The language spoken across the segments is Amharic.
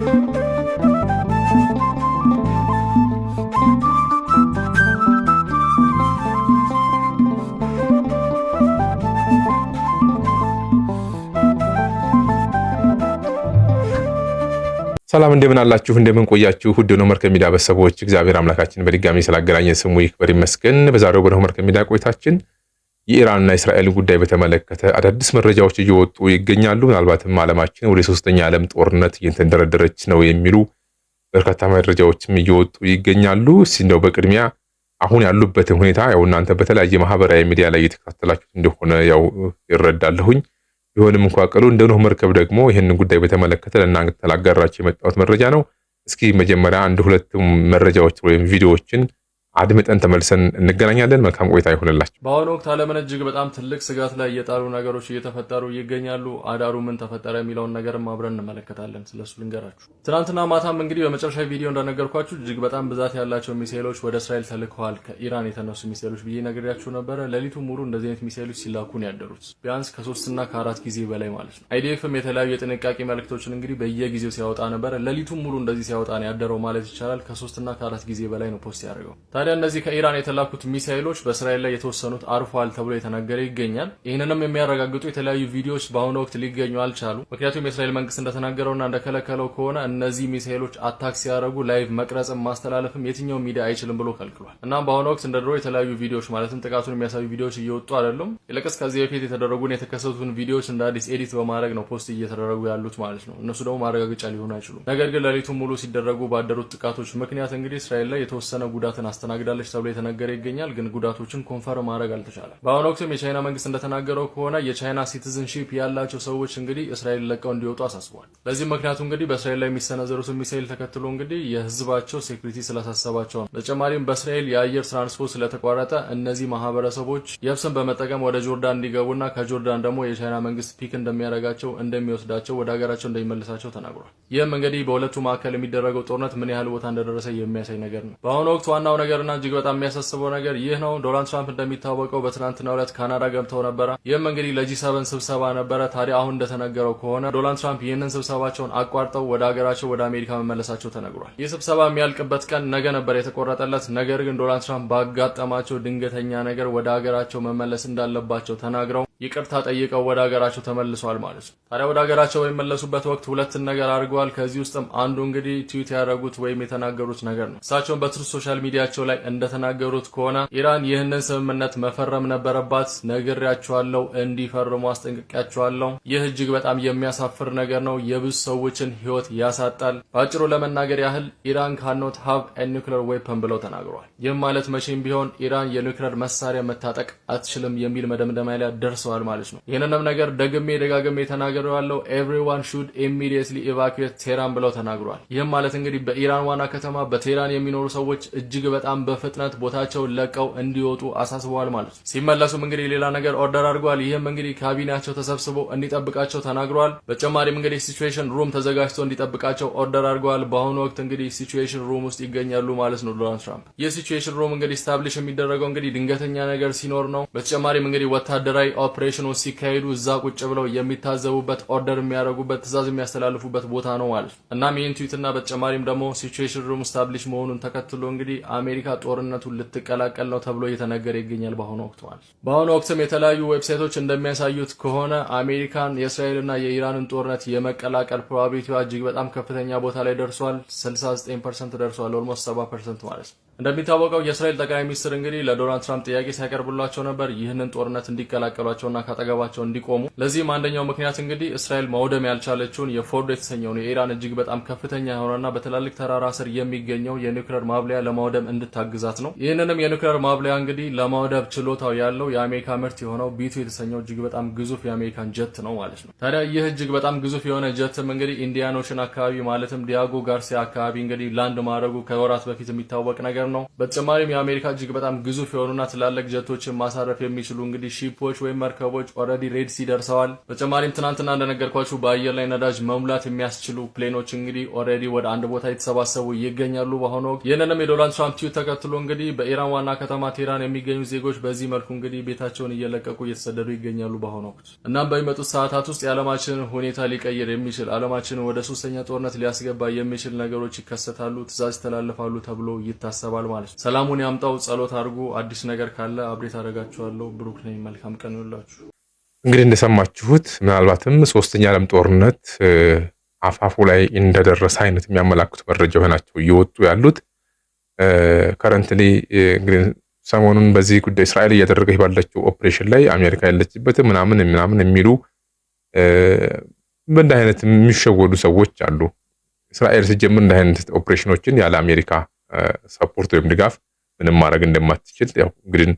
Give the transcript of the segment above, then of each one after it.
ሰላም እንደምን አላችሁ? እንደምን ቆያችሁ? ውድ ነው መርከብ ሚዲያ ቤተሰቦች እግዚአብሔር አምላካችን በድጋሚ ስላገናኘን ስሙ ይክበር ይመስገን። በዛሬው በነሆ መርከብ ቆይታችን የኢራንና እስራኤል ጉዳይ በተመለከተ አዳዲስ መረጃዎች እየወጡ ይገኛሉ። ምናልባትም ዓለማችን ወደ ሶስተኛ ዓለም ጦርነት እየተንደረደረች ነው የሚሉ በርካታ መረጃዎችም እየወጡ ይገኛሉ። እንደው በቅድሚያ አሁን ያሉበትን ሁኔታ ያው እናንተ በተለያየ ማህበራዊ ሚዲያ ላይ እየተከታተላችሁት እንደሆነ ያው ይረዳለሁኝ። ቢሆንም እንኳ ቀሉ እንደ ኖህ መርከብ ደግሞ ይህን ጉዳይ በተመለከተ ለእናንተ ላጋራችሁ የመጣሁት መረጃ ነው። እስኪ መጀመሪያ አንድ ሁለቱም መረጃዎች ወይም ቪዲዮዎችን አድምጠን ተመልሰን እንገናኛለን። መልካም ቆይታ ይሆንላቸው። በአሁኑ ወቅት ዓለምን እጅግ በጣም ትልቅ ስጋት ላይ የጣሉ ነገሮች እየተፈጠሩ ይገኛሉ። አዳሩ ምን ተፈጠረ የሚለውን ነገርም አብረን እንመለከታለን። ስለሱ ልንገራችሁ። ትናንትና ማታም እንግዲህ በመጨረሻ ቪዲዮ እንደነገርኳችሁ እጅግ በጣም ብዛት ያላቸው ሚሳኤሎች ወደ እስራኤል ተልከዋል። ከኢራን የተነሱ ሚሳኤሎች ብዬ ነግሬያችሁ ነበረ። ሌሊቱ ሙሉ እንደዚህ አይነት ሚሳኤሎች ሲላኩ ያደሩት፣ ቢያንስ ከሶስትና ከአራት ጊዜ በላይ ማለት ነው። አይዲኤፍም የተለያዩ የጥንቃቄ መልእክቶችን እንግዲህ በየጊዜው ሲያወጣ ነበረ። ሌሊቱ ሙሉ እንደዚህ ሲያወጣ ነው ያደረው ማለት ይቻላል። ከሶስትና ከአራት ጊዜ በላይ ነው ፖስት ያደርገው። ታዲያ እነዚህ ከኢራን የተላኩት ሚሳይሎች በእስራኤል ላይ የተወሰኑት አርፏል ተብሎ የተነገረ ይገኛል። ይህንንም የሚያረጋግጡ የተለያዩ ቪዲዮዎች በአሁኑ ወቅት ሊገኙ አልቻሉ። ምክንያቱም የእስራኤል መንግስት እንደተናገረውና እንደከለከለው ከሆነ እነዚህ ሚሳይሎች አታክ ሲያደርጉ ላይቭ መቅረጽም ማስተላለፍም የትኛው ሚዲያ አይችልም ብሎ ከልክሏል። እናም በአሁኑ ወቅት እንደ ድሮ የተለያዩ ቪዲዮዎች ማለትም ጥቃቱን የሚያሳዩ ቪዲዮዎች እየወጡ አይደሉም። ይልቅስ ከዚህ በፊት የተደረጉን የተከሰቱትን ቪዲዮዎች እንደ አዲስ ኤዲት በማድረግ ነው ፖስት እየተደረጉ ያሉት ማለት ነው። እነሱ ደግሞ ማረጋገጫ ሊሆኑ አይችሉም። ነገር ግን ሌሊቱን ሙሉ ሲደረጉ ባደሩት ጥቃቶች ምክንያት እንግዲህ እስራኤል ላይ የተወሰነ ጉዳትን አስተናግ አስተናግዳለች ተብሎ የተነገረ ይገኛል። ግን ጉዳቶችን ኮንፈርም ማድረግ አልተቻለም። በአሁኑ ወቅትም የቻይና መንግስት እንደተናገረው ከሆነ የቻይና ሲቲዝንሺፕ ያላቸው ሰዎች እንግዲህ እስራኤል ለቀው እንዲወጡ አሳስቧል። በዚህም ምክንያቱ እንግዲህ በእስራኤል ላይ የሚሰነዘሩት ሚሳይል ተከትሎ እንግዲህ የህዝባቸው ሴኩሪቲ ስላሳሰባቸው ነው። በተጨማሪም በእስራኤል የአየር ትራንስፖርት ስለተቋረጠ እነዚህ ማህበረሰቦች የብስን በመጠቀም ወደ ጆርዳን እንዲገቡና ከጆርዳን ደግሞ የቻይና መንግስት ፒክ እንደሚያደርጋቸው እንደሚወስዳቸው ወደ ሀገራቸው እንደሚመልሳቸው ተናግሯል። ይህም እንግዲህ በሁለቱ መካከል የሚደረገው ጦርነት ምን ያህል ቦታ እንደደረሰ የሚያሳይ ነገር ነው። በአሁኑ ወቅት ዋናው ነገር ነገርና እጅግ በጣም የሚያሳስበው ነገር ይህ ነው። ዶናልድ ትራምፕ እንደሚታወቀው በትናንትናው ዕለት ካናዳ ገብተው ነበረ። ይህም እንግዲህ ለጂ ሰቨን ስብሰባ ነበረ። ታዲያ አሁን እንደተነገረው ከሆነ ዶናልድ ትራምፕ ይህንን ስብሰባቸውን አቋርጠው ወደ ሀገራቸው ወደ አሜሪካ መመለሳቸው ተነግሯል። ይህ ስብሰባ የሚያልቅበት ቀን ነገ ነበር የተቆረጠለት። ነገር ግን ዶናልድ ትራምፕ ባጋጠማቸው ድንገተኛ ነገር ወደ ሀገራቸው መመለስ እንዳለባቸው ተናግረው ይቅርታ ጠይቀው ወደ ሀገራቸው ተመልሷል ማለት ነው። ታዲያ ወደ ሀገራቸው በሚመለሱበት ወቅት ሁለትን ነገር አድርገዋል። ከዚህ ውስጥም አንዱ እንግዲህ ትዊት ያደረጉት ወይም የተናገሩት ነገር ነው። እሳቸውን በትሩ ሶሻል ሚዲያቸው ላይ እንደተናገሩት ከሆነ ኢራን ይህንን ስምምነት መፈረም ነበረባት። ነግሬያቸዋለሁ፣ እንዲፈርሙ አስጠንቅቄያቸዋለሁ። ይህ እጅግ በጣም የሚያሳፍር ነገር ነው። የብዙ ሰዎችን ህይወት ያሳጣል። በአጭሩ ለመናገር ያህል ኢራን ካኖት ሀብ ኒውክሌር ዌፐን ብለው ተናግሯል። ይህም ማለት መቼም ቢሆን ኢራን የኒክለር መሳሪያ መታጠቅ አትችልም የሚል መደምደሚያ ላይ ደርሰዋል ማለት ነው። ይህንንም ነገር ደግሜ ደጋግሜ ተናገረው ያለው ኤቭሪዋን ሹድ ኢሚዲየትሊ ኢቫኩዌት ቴራን ብለው ተናግሯል። ይህም ማለት እንግዲህ በኢራን ዋና ከተማ በቴራን የሚኖሩ ሰዎች እጅግ በጣም በጣም በፍጥነት ቦታቸውን ለቀው እንዲወጡ አሳስበዋል ማለት ነው። ሲመለሱም እንግዲህ ሌላ ነገር ኦርደር አድርጓል። ይህም እንግዲህ ካቢናቸው ተሰብስቦ እንዲጠብቃቸው ተናግረዋል። በተጨማሪም እንግዲህ ሲቹዌሽን ሩም ተዘጋጅቶ እንዲጠብቃቸው ኦርደር አድርገዋል። በአሁኑ ወቅት እንግዲህ ሲቹዌሽን ሩም ውስጥ ይገኛሉ ማለት ነው ዶናልድ ትራምፕ። ይህ ሲቹዌሽን ሩም እንግዲህ ስታብሊሽ የሚደረገው እንግዲህ ድንገተኛ ነገር ሲኖር ነው። በተጨማሪም እንግዲህ ወታደራዊ ኦፕሬሽኖች ሲካሄዱ እዛ ቁጭ ብለው የሚታዘቡበት ኦርደር የሚያደርጉበት ትዕዛዝ የሚያስተላልፉበት ቦታ ነው ማለት ነው። እናም ይህን እና በተጨማሪም ደግሞ ሲቹዌሽን ሩም ስታብሊሽ መሆኑን ተከትሎ እንግዲህ አሜሪካ አሜሪካ ጦርነቱን ልትቀላቀል ነው ተብሎ እየተነገረ ይገኛል በአሁኑ ወቅት ማለት። በአሁኑ ወቅትም የተለያዩ ዌብሳይቶች እንደሚያሳዩት ከሆነ አሜሪካን የእስራኤልና የኢራንን ጦርነት የመቀላቀል ፕሮባቢሊቲዋ እጅግ በጣም ከፍተኛ ቦታ ላይ ደርሷል። 69 ፐርሰንት ደርሷል። ኦልሞስት 70 ፐርሰንት ማለት ነው። እንደሚታወቀው የእስራኤል ጠቅላይ ሚኒስትር እንግዲህ ለዶናልድ ትራምፕ ጥያቄ ሲያቀርቡላቸው ነበር ይህንን ጦርነት እንዲቀላቀሏቸውና ካጠገባቸው እንዲቆሙ። ለዚህም አንደኛው ምክንያት እንግዲህ እስራኤል ማውደም ያልቻለችውን የፎርዶ የተሰኘውን የኢራን እጅግ በጣም ከፍተኛ የሆነና በትላልቅ ተራራ ስር የሚገኘው የኒውክሌር ማብለያ ለማውደም እንድታግዛት ነው። ይህንንም የኒውክሌር ማብለያ እንግዲህ ለማውደብ ችሎታው ያለው የአሜሪካ ምርት የሆነው ቢቱ የተሰኘው እጅግ በጣም ግዙፍ የአሜሪካን ጀት ነው ማለት ነው። ታዲያ ይህ እጅግ በጣም ግዙፍ የሆነ ጀትም እንግዲህ ኢንዲያን ኦሽን አካባቢ ማለትም ዲያጎ ጋርሲያ አካባቢ እንግዲህ ላንድ ማድረጉ ከወራት በፊት የሚታወቅ ነገር ነገር ነው። በተጨማሪም የአሜሪካ እጅግ በጣም ግዙፍ የሆኑና ትላልቅ ጀቶችን ማሳረፍ የሚችሉ እንግዲህ ሺፖች ወይም መርከቦች ኦልሬዲ ሬድ ሲ ደርሰዋል። በተጨማሪም ትናንትና እንደነገርኳችሁ በአየር ላይ ነዳጅ መሙላት የሚያስችሉ ፕሌኖች እንግዲህ ኦልሬዲ ወደ አንድ ቦታ የተሰባሰቡ ይገኛሉ በአሁኑ ወቅት። ይህንንም የዶናልድ ትራምፕ ቲዩት ተከትሎ እንግዲህ በኢራን ዋና ከተማ ቴህራን የሚገኙ ዜጎች በዚህ መልኩ እንግዲህ ቤታቸውን እየለቀቁ እየተሰደዱ ይገኛሉ በአሁኑ ወቅት። እናም በሚመጡት ሰዓታት ውስጥ የዓለማችን ሁኔታ ሊቀይር የሚችል ዓለማችንን ወደ ሶስተኛ ጦርነት ሊያስገባ የሚችል ነገሮች ይከሰታሉ፣ ትዛዝ ይተላለፋሉ ተብሎ ይታሰባል። አድርጓል ማለት ነው። ሰላሙን ያምጣው፣ ጸሎት አድርጉ። አዲስ ነገር ካለ አብዴት አደርጋችኋለሁ። ብሩክ ነኝ። መልካም ቀን ይውላችሁ። እንግዲህ እንደሰማችሁት ምናልባትም ሶስተኛ ዓለም ጦርነት አፋፉ ላይ እንደደረሰ አይነት የሚያመላክቱ መረጃ ናቸው እየወጡ ያሉት። ከረንትሊ እንግዲህ ሰሞኑን በዚህ ጉዳይ እስራኤል እያደረገች ባለችው ኦፕሬሽን ላይ አሜሪካ ያለችበት ምናምን ምናምን የሚሉ በእንደ አይነት የሚሸወዱ ሰዎች አሉ። እስራኤል ሲጀምር እንደ አይነት ኦፕሬሽኖችን ያለ አሜሪካ ሰፖርት ወይም ድጋፍ ምንም ማድረግ እንደማትችል እንግዲህ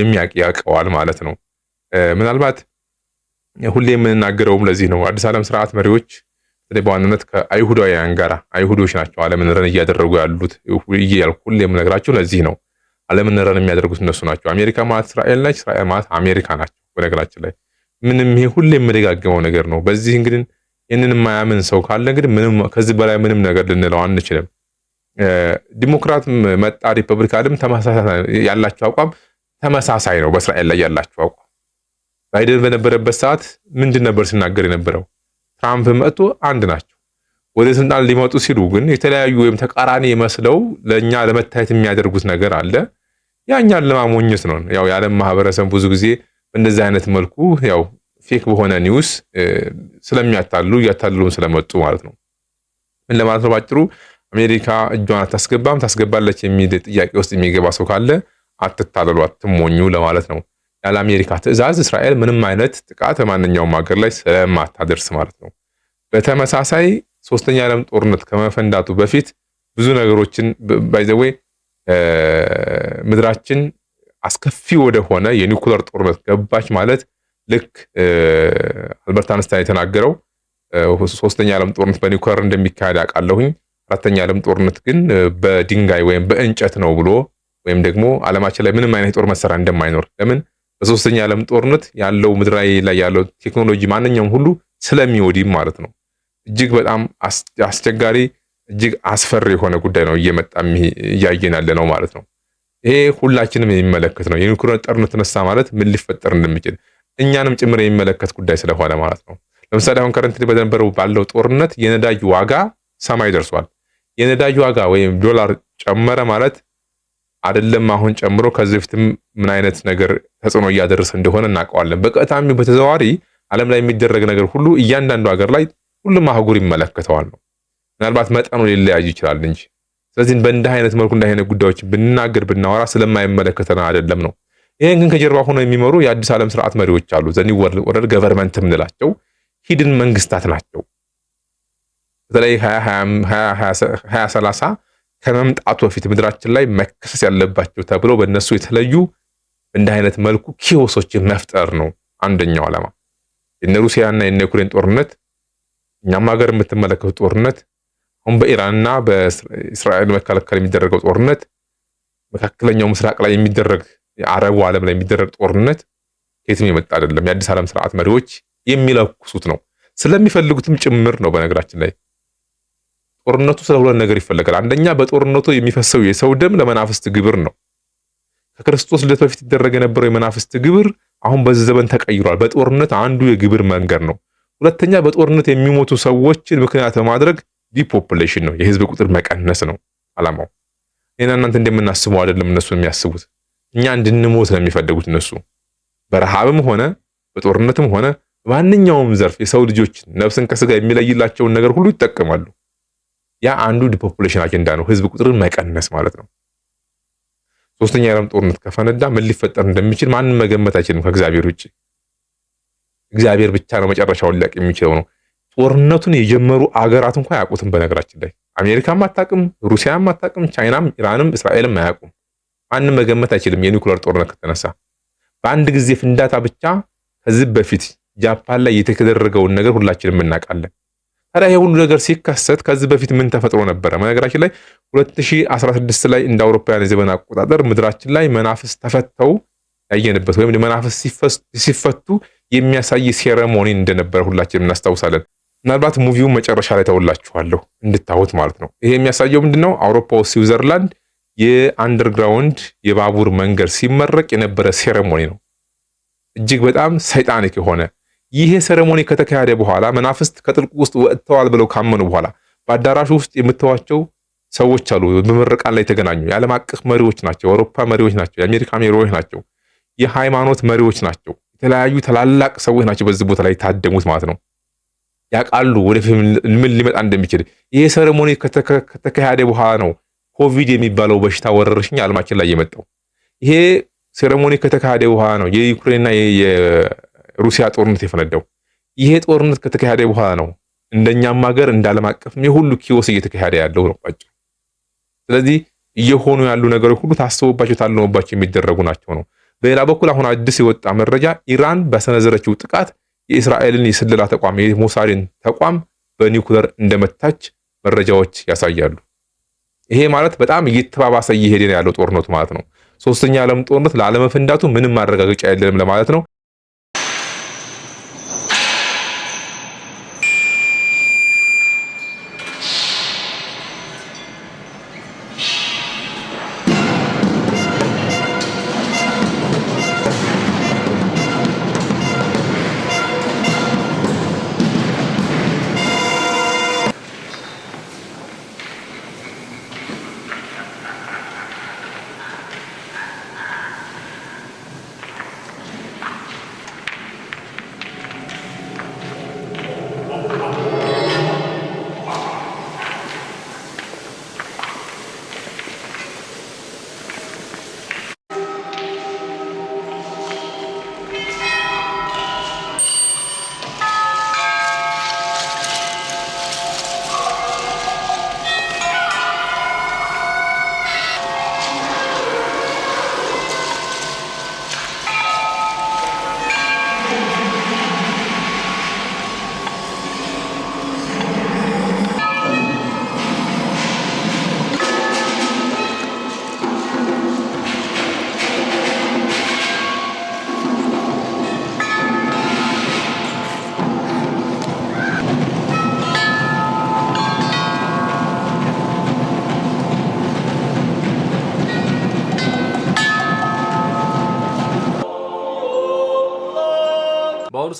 የሚያቅ ያውቀዋል ማለት ነው። ምናልባት ሁሌ የምንናገረውም ለዚህ ነው። አዲስ ዓለም ስርዓት መሪዎች በተለይ በዋናነት ከአይሁዳውያን ጋር አይሁዶች ናቸው ዓለምን ረን እያደረጉ ያሉት እያልኩ ሁሌ የምነግራቸው ለዚህ ነው። ዓለምን ረን የሚያደርጉት እነሱ ናቸው። አሜሪካ ማለት እስራኤል ናች፣ እስራኤል ማለት አሜሪካ ናቸው። በነገራችን ላይ ምንም ይሄ ሁሌ የምደጋገመው ነገር ነው። በዚህ እንግዲህ ይህንን የማያምን ሰው ካለ እንግዲህ ከዚህ በላይ ምንም ነገር ልንለው አንችልም። ዲሞክራትም መጣ ሪፐብሊካንም ያላቸው አቋም ተመሳሳይ ነው። በእስራኤል ላይ ያላቸው አቋም ባይደን በነበረበት ሰዓት ምንድን ነበር ሲናገር የነበረው? ትራምፕ መጥቶ አንድ ናቸው። ወደ ስልጣን ሊመጡ ሲሉ ግን የተለያዩ ወይም ተቃራኒ መስለው ለእኛ ለመታየት የሚያደርጉት ነገር አለ። ያኛን ለማሞኘት ነው። ያው የዓለም ማህበረሰብ ብዙ ጊዜ በእንደዚህ አይነት መልኩ ያው ፌክ በሆነ ኒውስ ስለሚያታሉ እያታልሉን ስለመጡ ማለት ነው። ምን ለማለት ነው ባጭሩ አሜሪካ እጇን አታስገባም ታስገባለች የሚል ጥያቄ ውስጥ የሚገባ ሰው ካለ አትታለሉ፣ አትሞኙ ለማለት ነው። ያለ አሜሪካ ትዕዛዝ እስራኤል ምንም አይነት ጥቃት በማንኛውም ሀገር ላይ ስለማታደርስ ማለት ነው። በተመሳሳይ ሶስተኛ ዓለም ጦርነት ከመፈንዳቱ በፊት ብዙ ነገሮችን ባይዘዌ ምድራችን አስከፊ ወደሆነ የኒውክለር ጦርነት ገባች ማለት ልክ አልበርት አንስታይን የተናገረው ሶስተኛ ዓለም ጦርነት በኒኩለር እንደሚካሄድ አውቃለሁኝ አራተኛ ዓለም ጦርነት ግን በድንጋይ ወይም በእንጨት ነው ብሎ ወይም ደግሞ ዓለማችን ላይ ምንም አይነት የጦር መሳሪያ እንደማይኖር ለምን በሶስተኛ ዓለም ጦርነት ያለው ምድራዊ ላይ ያለው ቴክኖሎጂ ማንኛውም ሁሉ ስለሚወዲም ማለት ነው። እጅግ በጣም አስቸጋሪ እጅግ አስፈሪ የሆነ ጉዳይ ነው እየመጣ እያየን ያለ ነው ማለት ነው። ይሄ ሁላችንም የሚመለከት ነው። የኒውክሌር ጦርነት ተነሳ ማለት ምን ሊፈጠር እንደሚችል እኛንም ጭምር የሚመለከት ጉዳይ ስለሆነ ማለት ነው። ለምሳሌ አሁን ከረንት በነበረው ባለው ጦርነት የነዳጅ ዋጋ ሰማይ ደርሷል። የነዳጅ ዋጋ ወይም ዶላር ጨመረ ማለት አይደለም አሁን ጨምሮ ከዚህ በፊትም ምን አይነት ነገር ተጽዕኖ እያደረሰ እንደሆነ እናውቀዋለን። በቀጥታም በተዘዋዋሪ ዓለም ላይ የሚደረግ ነገር ሁሉ እያንዳንዱ ሀገር ላይ ሁሉም አህጉር ይመለከተዋል ነው። ምናልባት መጠኑ ሊለያዩ ይችላል እንጂ ስለዚህ በእንዲህ አይነት መልኩ እንዲህ አይነት ጉዳዮች ብንናገር ብናወራ ስለማይመለከተን አይደለም ነው። ይህን ግን ከጀርባ ሆኖ የሚመሩ የአዲስ ዓለም ስርዓት መሪዎች አሉ። ዘኒ ወርልድ ገቨርንመንት የምንላቸው ሂድን መንግስታት ናቸው። በተለይ ሀያ ሰላሳ ከመምጣቱ በፊት ምድራችን ላይ መከሰስ ያለባቸው ተብሎ በእነሱ የተለዩ እንደ አይነት መልኩ ኪዮሶችን መፍጠር ነው አንደኛው ዓላማ። የነ ሩሲያና የነ ዩክሬን ጦርነት እኛም ሀገር የምትመለከቱ ጦርነት አሁን በኢራንና በእስራኤል መካከል የሚደረገው ጦርነት መካከለኛው ምስራቅ ላይ የሚደረግ የአረቡ ዓለም ላይ የሚደረግ ጦርነት ከየትም የመጣ አይደለም። የአዲስ ዓለም ስርዓት መሪዎች የሚለኩሱት ነው ስለሚፈልጉትም ጭምር ነው በነገራችን ላይ ጦርነቱ ስለ ሁለት ነገር ይፈለጋል። አንደኛ በጦርነቱ የሚፈሰው የሰው ደም ለመናፍስት ግብር ነው። ከክርስቶስ ልደት በፊት ይደረግ የነበረው የመናፍስት ግብር አሁን በዚህ ዘመን ተቀይሯል። በጦርነት አንዱ የግብር መንገድ ነው። ሁለተኛ በጦርነት የሚሞቱ ሰዎችን ምክንያት በማድረግ ዲፖፕሌሽን ነው፣ የህዝብ ቁጥር መቀነስ ነው አላማው። እኔና እናንተ እንደምናስበው አይደለም እነሱ የሚያስቡት። እኛ እንድንሞት ነው የሚፈልጉት እነሱ። በረሃብም ሆነ በጦርነትም ሆነ በማንኛውም ዘርፍ የሰው ልጆችን ነፍስን ከስጋ የሚለይላቸውን ነገር ሁሉ ይጠቀማሉ። ያ አንዱ ዲፖፑሌሽን አጀንዳ ነው፣ ህዝብ ቁጥርን መቀነስ ማለት ነው። ሶስተኛ የዓለም ጦርነት ከፈነዳ ምን ሊፈጠር እንደሚችል ማንም መገመት አይችልም ከእግዚአብሔር ውጭ። እግዚአብሔር ብቻ ነው መጨረሻውን ሊያውቅ የሚችለው ነው። ጦርነቱን የጀመሩ አገራት እንኳ አያውቁትም። በነገራችን ላይ አሜሪካም አታውቅም፣ ሩሲያም አታውቅም፣ ቻይናም፣ ኢራንም እስራኤልም አያውቁም። ማንም መገመት አይችልም። የኒውክለር ጦርነት ከተነሳ በአንድ ጊዜ ፍንዳታ ብቻ ከዚህ በፊት ጃፓን ላይ የተደረገውን ነገር ሁላችንም እናውቃለን። ታዲያ የሁሉ ሁሉ ነገር ሲከሰት ከዚህ በፊት ምን ተፈጥሮ ነበረ? በነገራችን ላይ 2016 ላይ እንደ አውሮፓውያን የዘመን አቆጣጠር ምድራችን ላይ መናፍስ ተፈተው ያየንበት ወይም መናፍስ ሲፈቱ የሚያሳይ ሴረሞኒ እንደነበረ ሁላችንም እናስታውሳለን። ምናልባት ሙቪውን መጨረሻ ላይ ተውላችኋለሁ እንድታዩት ማለት ነው። ይሄ የሚያሳየው ምንድን ነው? አውሮፓ ውስጥ ስዊዘርላንድ የአንደርግራውንድ የባቡር መንገድ ሲመረቅ የነበረ ሴረሞኒ ነው። እጅግ በጣም ሰይጣኒክ የሆነ ይሄ ሰረሞኒ ከተካሄደ በኋላ መናፍስት ከጥልቁ ውስጥ ወጥተዋል ብለው ካመኑ በኋላ በአዳራሹ ውስጥ የምትዋቸው ሰዎች አሉ። በምረቃን ላይ የተገናኙ የዓለም አቀፍ መሪዎች ናቸው፣ የአውሮፓ መሪዎች ናቸው፣ የአሜሪካ መሪዎች ናቸው፣ የሃይማኖት መሪዎች ናቸው። የተለያዩ ታላላቅ ሰዎች ናቸው በዚህ ቦታ ላይ የታደሙት ማለት ነው። ያውቃሉ ወደፊት ምን ሊመጣ እንደሚችል። ይሄ ሰረሞኒ ከተካሄደ በኋላ ነው ኮቪድ የሚባለው በሽታ ወረርሽኝ አለማችን ላይ የመጣው። ይሄ ሴሬሞኒ ከተካሄደ በኋላ ነው የዩክሬንና ሩሲያ ጦርነት የፈነዳው። ይሄ ጦርነት ከተካሄደ በኋላ ነው እንደኛም ሀገር እንደ ዓለም አቀፍ የሁሉ ኪዮስ እየተካሄደ ያለው ነው። ስለዚህ እየሆኑ ያሉ ነገሮች ሁሉ ታስቦባቸው ታልመባቸው የሚደረጉ ናቸው ነው። በሌላ በኩል አሁን አዲስ የወጣ መረጃ ኢራን በሰነዘረችው ጥቃት የእስራኤልን የስለላ ተቋም የሞሳድን ተቋም በኒውክለር እንደመታች መረጃዎች ያሳያሉ። ይሄ ማለት በጣም እየተባባሰ እየሄደ ያለው ጦርነቱ ማለት ነው። ሶስተኛ ዓለም ጦርነት ላለመፈንዳቱ ምንም ማረጋገጫ የለንም ለማለት ነው።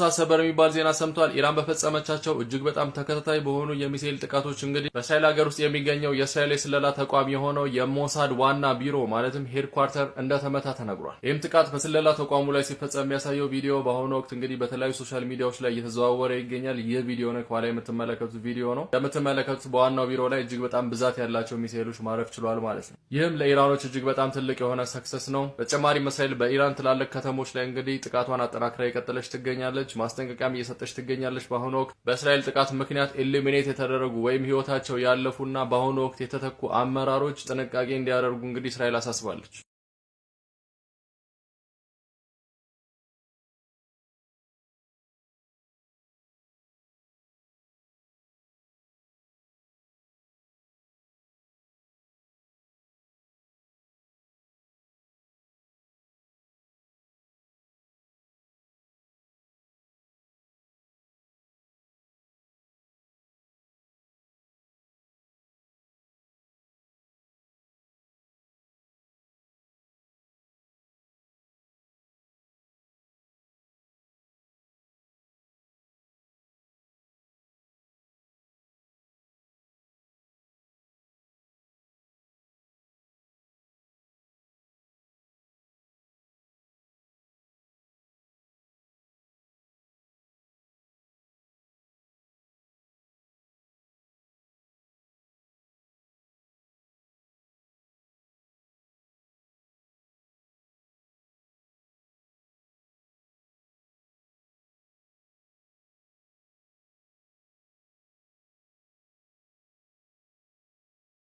ሐምሳ ሰበር የሚባል ዜና ሰምቷል። ኢራን በፈጸመቻቸው እጅግ በጣም ተከታታይ በሆኑ የሚሳኤል ጥቃቶች እንግዲህ በእስራኤል ሀገር ውስጥ የሚገኘው የእስራኤል የስለላ ተቋም የሆነው የሞሳድ ዋና ቢሮ ማለትም ሄድኳርተር እንደተመታ ተነግሯል። ይህም ጥቃት በስለላ ተቋሙ ላይ ሲፈጸም የሚያሳየው ቪዲዮ በአሁኑ ወቅት እንግዲህ በተለያዩ ሶሻል ሚዲያዎች ላይ እየተዘዋወረ ይገኛል። ይህ ቪዲዮ ነው ከኋላ የምትመለከቱት ቪዲዮ ነው። እንደምትመለከቱት በዋናው ቢሮ ላይ እጅግ በጣም ብዛት ያላቸው ሚሳኤሎች ማረፍ ችሏል ማለት ነው። ይህም ለኢራኖች እጅግ በጣም ትልቅ የሆነ ሰክሰስ ነው። በተጨማሪም እስራኤል በኢራን ትላልቅ ከተሞች ላይ እንግዲህ ጥቃቷን አጠናክራ የቀጠለች ትገኛለች። እያሳወቀች ማስጠንቀቂያም እየሰጠች ትገኛለች። በአሁኑ ወቅት በእስራኤል ጥቃት ምክንያት ኢሊሚኔት የተደረጉ ወይም ህይወታቸው ያለፉና በአሁኑ ወቅት የተተኩ አመራሮች ጥንቃቄ እንዲያደርጉ እንግዲህ እስራኤል አሳስባለች።